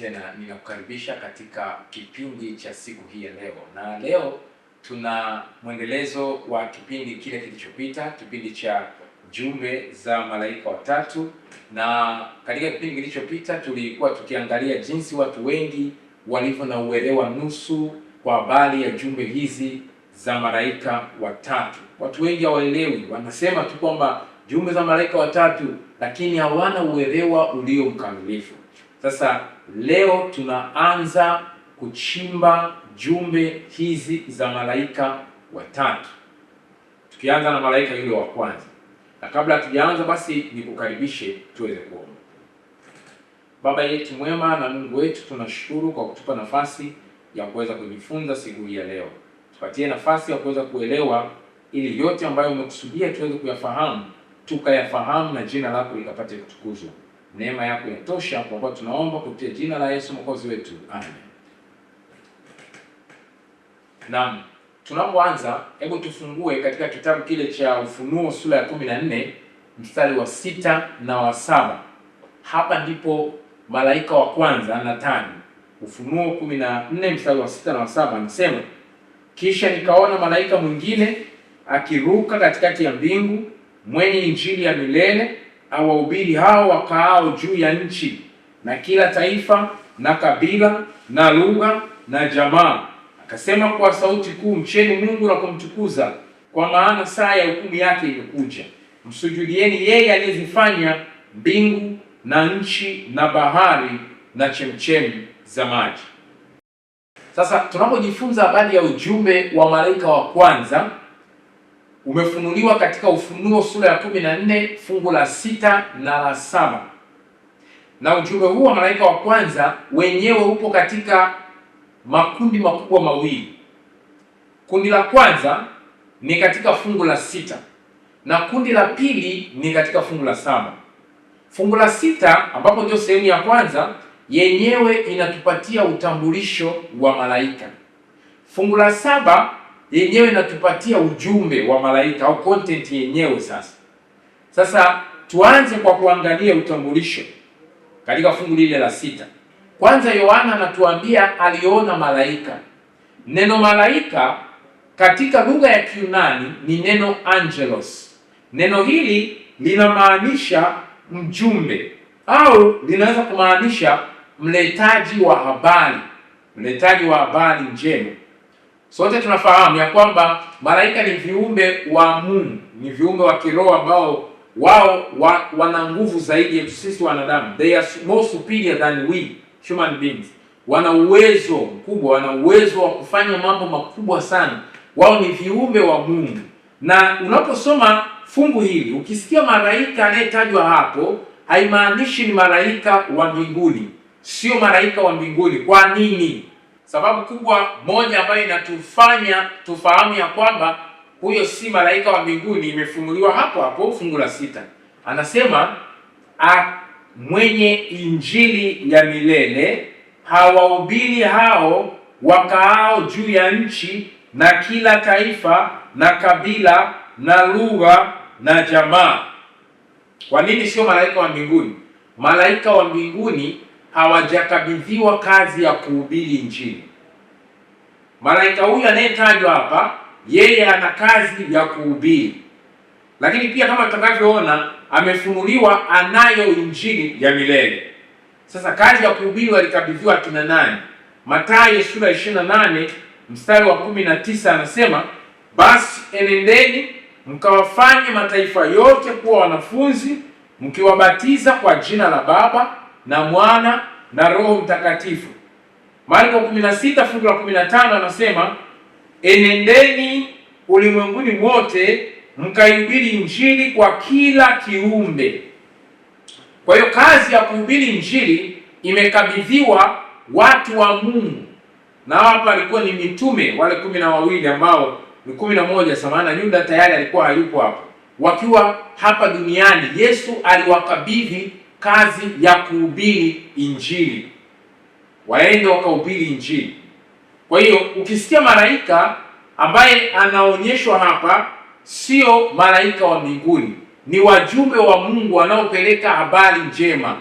tena ninakukaribisha katika kipindi cha siku hii ya leo, na leo tuna mwendelezo wa kipindi kile kilichopita, kipindi cha jumbe za malaika watatu. Na katika kipindi kilichopita tulikuwa tukiangalia jinsi watu wengi walivyo na uelewa nusu kwa habari ya jumbe hizi za malaika watatu. Watu wengi hawaelewi, wanasema tu kwamba jumbe za malaika watatu, lakini hawana uelewa ulio mkamilifu. Sasa Leo tunaanza kuchimba jumbe hizi za malaika watatu, tukianza na malaika yule wa kwanza. Na kabla hatujaanza, basi nikukaribishe tuweze kuomba. Baba yetu mwema na Mungu wetu, tunashukuru kwa kutupa nafasi ya kuweza kujifunza siku hii ya leo. Tupatie nafasi ya kuweza kuelewa, ili yote ambayo umekusudia tuweze kuyafahamu, tukayafahamu na jina lako likapate kutukuzwa. Neema yako yatosha, kwa kuwa tunaomba kupitia jina la Yesu mwokozi wetu, amen. Naam, tunapoanza, hebu tufungue katika kitabu kile cha Ufunuo sura ya 14 mstari wa sita na wa saba. Hapa ndipo malaika wa kwanza Nathani. Ufunuo 14 mstari wa sita na wa saba anasema, kisha nikaona malaika mwingine akiruka katikati ya mbingu mwenye injili ya milele awahubiri hao wakaao juu ya nchi na kila taifa na kabila na lugha na jamaa. Akasema kwa sauti kuu, mcheni Mungu na kumtukuza, kwa maana saa ya hukumu yake imekuja. Msujudieni yeye aliyezifanya mbingu na nchi na bahari na chemchemi za maji. Sasa tunapojifunza habari ya ujumbe wa malaika wa kwanza umefunuliwa katika Ufunuo sura ya kumi na nne fungu la sita na la saba na ujumbe huu wa malaika wa kwanza wenyewe upo katika makundi makubwa mawili. Kundi la kwanza ni katika fungu la sita na kundi la pili ni katika fungu la saba. Fungu la sita ambapo ndio sehemu ya kwanza yenyewe inatupatia utambulisho wa malaika. Fungu la saba yenyewe inatupatia ujumbe wa malaika au content yenyewe. Sasa sasa tuanze kwa kuangalia utambulisho katika fungu lile la sita. Kwanza Yohana anatuambia aliona malaika. Neno malaika katika lugha ya Kiunani ni neno angelos. Neno hili linamaanisha mjumbe au linaweza kumaanisha mletaji wa habari, mletaji wa habari njema. Sote tunafahamu ya kwamba malaika ni viumbe wa Mungu, ni viumbe wa kiroho ambao wao wa, wana nguvu zaidi yetu sisi wanadamu. They are more superior than we human beings. Wana uwezo mkubwa, wana uwezo wa kufanya mambo makubwa sana. Wao ni viumbe wa Mungu, na unaposoma fungu hili ukisikia malaika anayetajwa hapo, haimaanishi ni malaika wa mbinguni, sio malaika wa mbinguni. Kwa nini? Sababu kubwa moja ambayo inatufanya tufahamu ya kwamba huyo si malaika wa mbinguni imefunuliwa hapo hapo fungu la sita, anasema a ah, mwenye injili ya milele hawahubiri hao wakaao juu ya nchi na kila taifa na kabila na lugha na jamaa. Kwa nini sio malaika wa mbinguni? Malaika wa mbinguni hawajakabidhiwa kazi ya kuhubiri Injili. Malaika huyu anayetajwa hapa, yeye ana kazi ya kuhubiri, lakini pia kama tutakavyoona, amefunuliwa anayo injili ya milele. Sasa kazi ya kuhubiri walikabidhiwa kina nani? Mathayo sura 28 mstari wa 19 anasema, basi enendeni mkawafanye mataifa yote kuwa wanafunzi, mkiwabatiza kwa jina la Baba na mwana na Roho Mtakatifu. Marko 16 fungu la 15 anasema enendeni ulimwenguni wote mkaihubiri injili kwa kila kiumbe. Kwa hiyo kazi ya kuhubiri injili imekabidhiwa watu wa Mungu, na hapa alikuwa ni mitume wale kumi na wawili ambao ni kumi na moja samana, Yuda tayari alikuwa hayupo hapo. Wakiwa hapa duniani, Yesu aliwakabidhi kazi ya kuhubiri Injili, waende wakahubiri Injili. Kwa hiyo ukisikia malaika ambaye anaonyeshwa hapa, sio malaika wa mbinguni, ni wajumbe wa Mungu wanaopeleka habari njema,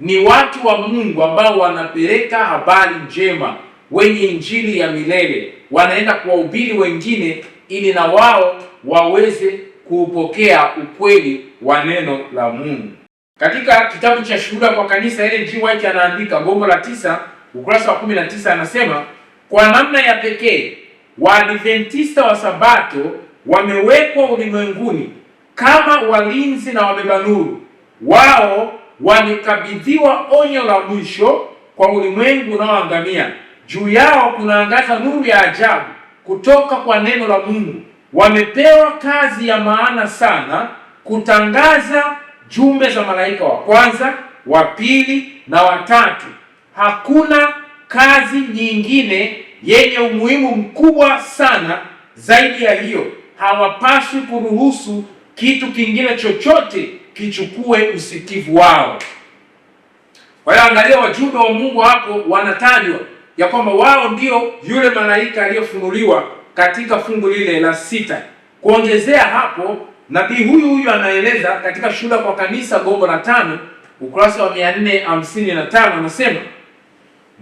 ni watu wa Mungu ambao wanapeleka habari njema, wenye injili ya milele, wanaenda kuwahubiri wengine ili na wao waweze kuupokea ukweli wa neno la Mungu. Katika kitabu cha Shuhuda kwa Kanisa, Ellen G. White anaandika gombo la tisa ukurasa wa kumi na tisa anasema kwa namna ya pekee Waadventista wa Sabato wamewekwa ulimwenguni kama walinzi na wabeba nuru. Wao wamekabidhiwa onyo la mwisho kwa ulimwengu unaoangamia. Juu yao kunaangaza nuru ya ajabu kutoka kwa neno la Mungu. Wamepewa kazi ya maana sana kutangaza jumbe za malaika wa kwanza, wa pili na watatu. Hakuna kazi nyingine yenye umuhimu mkubwa sana zaidi ya hiyo. Hawapaswi kuruhusu kitu kingine chochote kichukue usikivu wao. Kwa hiyo, angalia wajumbe wa Mungu hapo wanatajwa ya kwamba wao ndio yule malaika aliyofunuliwa katika fungu lile la sita. Kuongezea hapo Nabii huyu huyu anaeleza katika Shuhuda kwa Kanisa gombo la tano ukurasa wa 455 anasema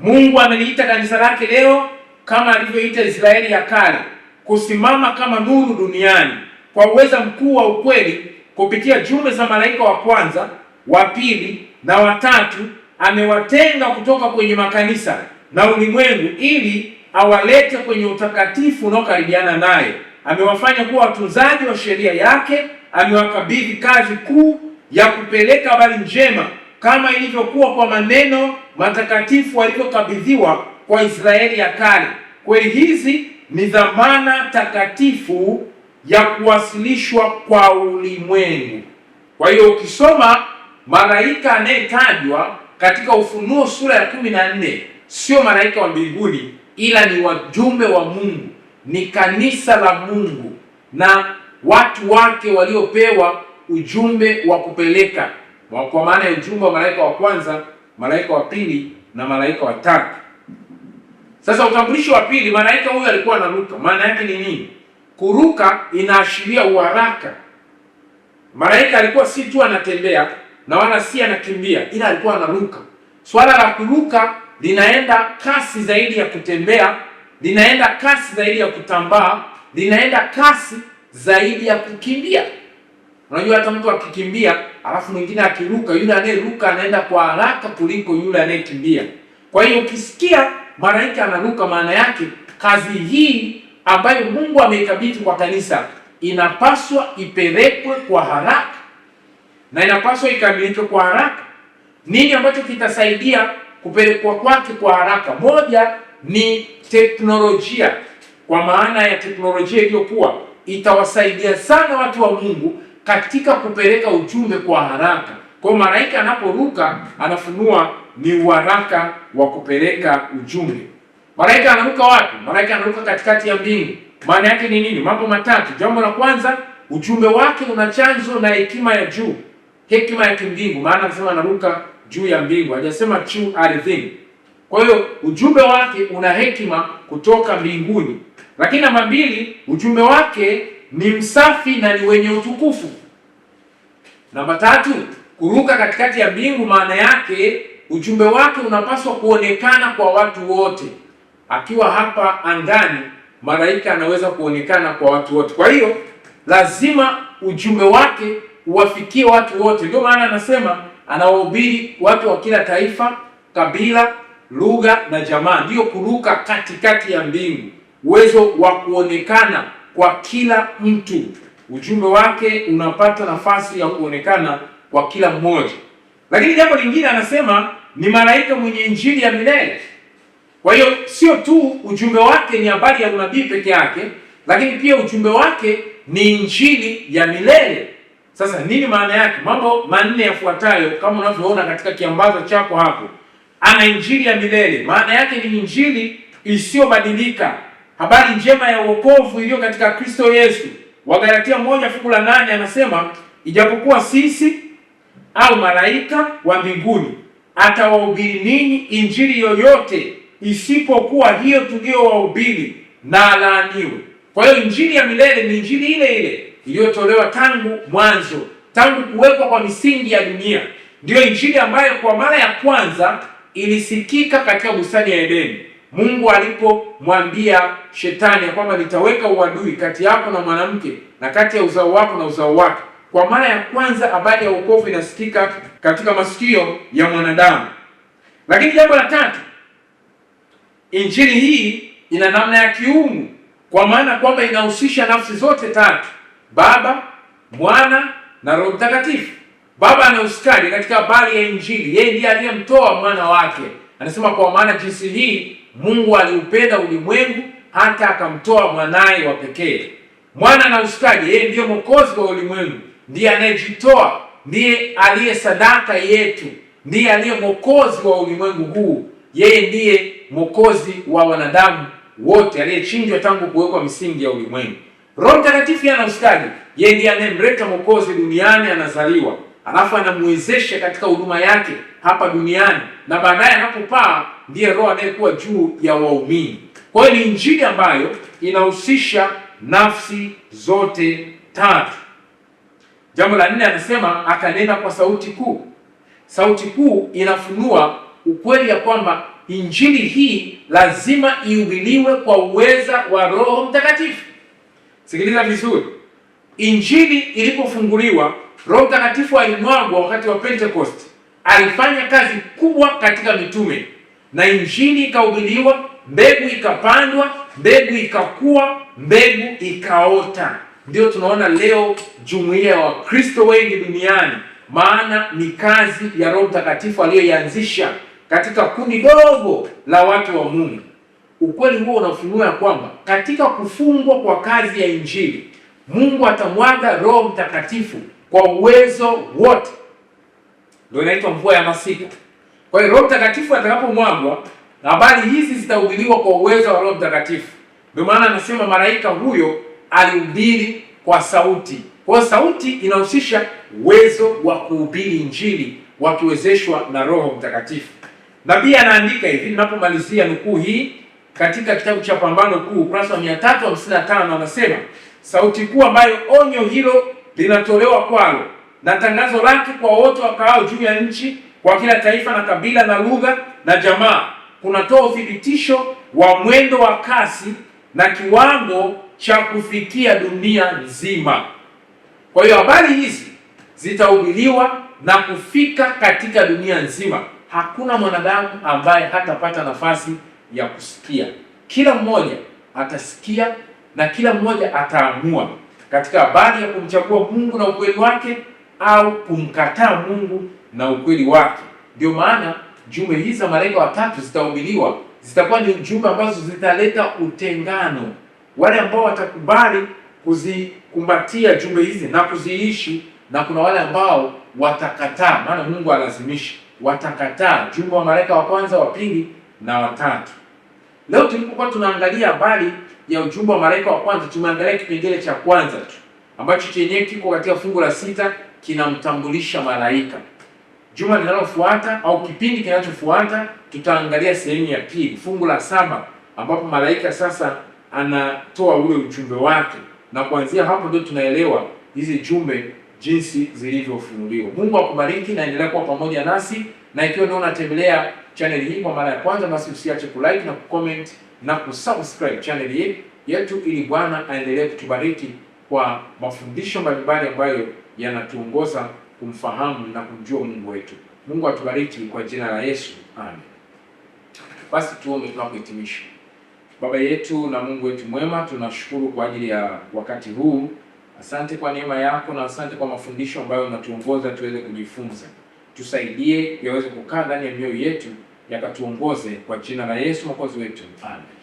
Mungu ameliita kanisa lake leo kama alivyoita Israeli ya kale kusimama kama nuru duniani kwa uweza mkuu wa ukweli kupitia jumbe za malaika wa kwanza, wa pili na watatu amewatenga kutoka kwenye makanisa na ulimwengu ili awalete kwenye utakatifu unaokaribiana naye amewafanya kuwa watunzaji wa sheria yake, amewakabidhi kazi kuu ya kupeleka habari njema kama ilivyokuwa kwa maneno matakatifu walivyokabidhiwa kwa Israeli ya kale. Kweli hizi ni dhamana takatifu ya kuwasilishwa kwa ulimwengu. Kwa hiyo ukisoma malaika anayetajwa katika Ufunuo sura ya kumi na nne sio malaika wa mbinguni, ila ni wajumbe wa Mungu ni kanisa la Mungu na watu wake waliopewa ujumbe wa kupeleka, kwa maana ya ujumbe wa malaika wa kwanza, malaika wa pili na malaika wa tatu. Sasa utambulisho wa pili, malaika huyu alikuwa anaruka. Maana yake ni nini? Kuruka inaashiria uharaka. Malaika alikuwa si tu anatembea na wala si anakimbia, ila alikuwa anaruka. Swala la kuruka linaenda kasi zaidi ya kutembea linaenda kasi zaidi ya kutambaa, linaenda kasi zaidi ya kukimbia. Unajua hata mtu akikimbia alafu mwingine akiruka, yule anayeruka anaenda kwa haraka kuliko yule anayekimbia. Kwa hiyo ukisikia malaika anaruka, maana yake kazi hii ambayo Mungu ameikabidhi kwa kanisa inapaswa ipelekwe kwa haraka na inapaswa ikamilike kwa haraka. Nini ambacho kitasaidia kupelekwa kwake kwa haraka? Moja ni teknolojia, kwa maana ya teknolojia iliyokuwa itawasaidia sana watu wa Mungu katika kupeleka ujumbe kwa haraka. Kwa hiyo malaika anaporuka anafunua ni uharaka wa kupeleka ujumbe. Malaika anaruka wapi? Malaika anaruka katikati ya mbingu. Maana yake ni nini? Mambo matatu. Jambo la kwanza, ujumbe wake una chanzo na hekima ya juu, hekima ya kimbingu. Maana anasema anaruka juu ya mbingu, hajasema juu ardhini. Kwa hiyo ujumbe wake una hekima kutoka mbinguni. Lakini namba mbili, ujumbe wake ni msafi na ni wenye utukufu. Namba tatu, kuruka katikati ya mbingu, maana yake ujumbe wake unapaswa kuonekana kwa watu wote. Akiwa hapa angani, malaika anaweza kuonekana kwa watu wote. Kwa hiyo lazima ujumbe wake uwafikie watu wote. Ndio maana anasema anawahubiri watu wa kila taifa, kabila lugha na jamaa, ndiyo kuruka katikati ya mbingu, uwezo wa kuonekana kwa kila mtu. Ujumbe wake unapata nafasi ya kuonekana kwa kila mmoja. Lakini jambo lingine, anasema ni malaika mwenye injili ya milele. Kwa hiyo sio tu ujumbe wake ni habari ya unabii peke yake, lakini pia ujumbe wake ni injili ya milele. Sasa nini maana yake? Mambo manne yafuatayo kama unavyoona katika kiambaza chako hapo ana injili ya milele, maana yake ni injili isiyobadilika, habari njema ya wokovu iliyo katika Kristo Yesu. Wagalatia moja fungu la nane anasema ijapokuwa sisi au malaika wa mbinguni atawahubiri ninyi injili yoyote isipokuwa hiyo tuliyowahubiri, na alaaniwe. Kwa hiyo injili ya milele ni injili ile ile iliyotolewa tangu mwanzo, tangu kuwekwa kwa misingi ya dunia, ndiyo injili ambayo kwa mara ya kwanza ilisikika katika bustani ya Edeni, Mungu alipomwambia shetani ya kwamba nitaweka uadui kati yako na mwanamke na kati ya uzao wako na uzao wake. Kwa mara ya kwanza habari ya wokovu inasikika katika masikio ya mwanadamu. Lakini jambo la tatu, injili hii ina namna ya kiungu, kwa maana kwamba inahusisha nafsi zote tatu: Baba, Mwana na Roho Mtakatifu. Baba ana ustadi katika habari ya Injili, yeye ndiye aliyemtoa mwana wake. Anasema kwa maana jinsi hii Mungu aliupenda ulimwengu hata akamtoa mwanaye wa pekee. Mwana ana ustadi, yeye ndiye mwokozi wa ulimwengu, ndiye anayejitoa, ndiye aliye sadaka yetu, ndiye aliye mwokozi wa ulimwengu huu. Yeye ndiye mwokozi wa wanadamu wote, aliyechinjwa tangu kuwekwa misingi ya ulimwengu. Roho Mtakatifu ana ustadi, yeye ndiye anayemleta mwokozi duniani, anazaliwa alafu anamwezesha katika huduma yake hapa duniani, na baadaye anapopaa ndiye roho anayekuwa juu ya waumini. Kwa hiyo ni injili ambayo inahusisha nafsi zote tatu. Jambo la nne, anasema akanena kwa sauti kuu. Sauti kuu inafunua ukweli ya kwamba injili hii lazima ihubiriwe kwa uweza wa Roho Mtakatifu. Sikiliza vizuri, injili ilipofunguliwa Roho Mtakatifu alimwagwa wakati wa Pentecost, alifanya kazi kubwa katika mitume na injili ikahubiriwa, mbegu ikapandwa, mbegu ikakua, mbegu ikaota. Ndio tunaona leo jumuiya ya Wakristo wengi duniani, maana ni kazi ya Roho Mtakatifu aliyoianzisha katika kundi dogo la watu wa Mungu. Ukweli huo unafunua ya kwamba katika kufungwa kwa kazi ya injili Mungu atamwaga Roho Mtakatifu kwa uwezo wote, ndio inaitwa mvua ya masika. Kwa hiyo Roho Mtakatifu atakapomwagwa, habari hizi zitahubiriwa kwa uwezo wa Roho Mtakatifu. Ndio maana anasema malaika huyo alihubiri kwa sauti. Kwa hiyo sauti inahusisha uwezo wa kuhubiri Injili wakiwezeshwa na Roho Mtakatifu. Nabii anaandika hivi, ninapomalizia nukuu hii katika kitabu cha Pambano Kuu ukurasa wa 355 anasema sauti kuu ambayo onyo hilo linatolewa kwalo na tangazo lake kwa wote wakaao juu ya nchi kwa kila taifa na kabila na lugha na jamaa, kunatoa uthibitisho wa mwendo wa kasi na kiwango cha kufikia dunia nzima. Kwa hiyo habari hizi zitahubiriwa na kufika katika dunia nzima. Hakuna mwanadamu ambaye hatapata nafasi ya kusikia. Kila mmoja atasikia na kila mmoja ataamua katika habari ya kumchagua Mungu na ukweli wake au kumkataa Mungu na ukweli wake. Ndio maana jumbe hizi za malaika watatu zitahubiriwa, zitakuwa ni jumbe ambazo zitaleta utengano. Wale ambao watakubali kuzikumbatia jumbe hizi na kuziishi, na kuna wale ambao watakataa, maana Mungu alazimishi, watakataa. Jumbe wa malaika wa kwanza, wa pili na watatu. Leo tulipokuwa tunaangalia habari ya ujumbe wa malaika wa kwanza, tumeangalia kipengele cha kwanza tu ambacho chenyewe kiko katika fungu la sita, kinamtambulisha malaika. Juma linalofuata au kipindi kinachofuata tutaangalia sehemu ya pili, fungu la saba, ambapo malaika sasa anatoa ule ujumbe wake, na kuanzia hapo ndio tunaelewa hizi jumbe jinsi zilivyofunuliwa. Mungu akubariki na endelea kuwa pamoja nasi, na ikiwa ndio unatembelea channel hii kwa mara ya kwanza, basi usiache kulike na kucomment na kusubscribe channel yetu ili Bwana aendelee kutubariki kwa mafundisho mbalimbali ambayo yanatuongoza kumfahamu na kumjua Mungu wetu. Mungu atubariki kwa jina la Yesu. Amen. Basi tuombe tunapohitimisha. Baba yetu na Mungu wetu mwema, tunashukuru kwa ajili ya wakati huu. Asante kwa neema yako na asante kwa mafundisho ambayo unatuongoza tuweze kujifunza. Tusaidie yaweze kukaa ndani ya mioyo yetu yakatuongoze kwa jina la Yesu mwokozi wetu Amen.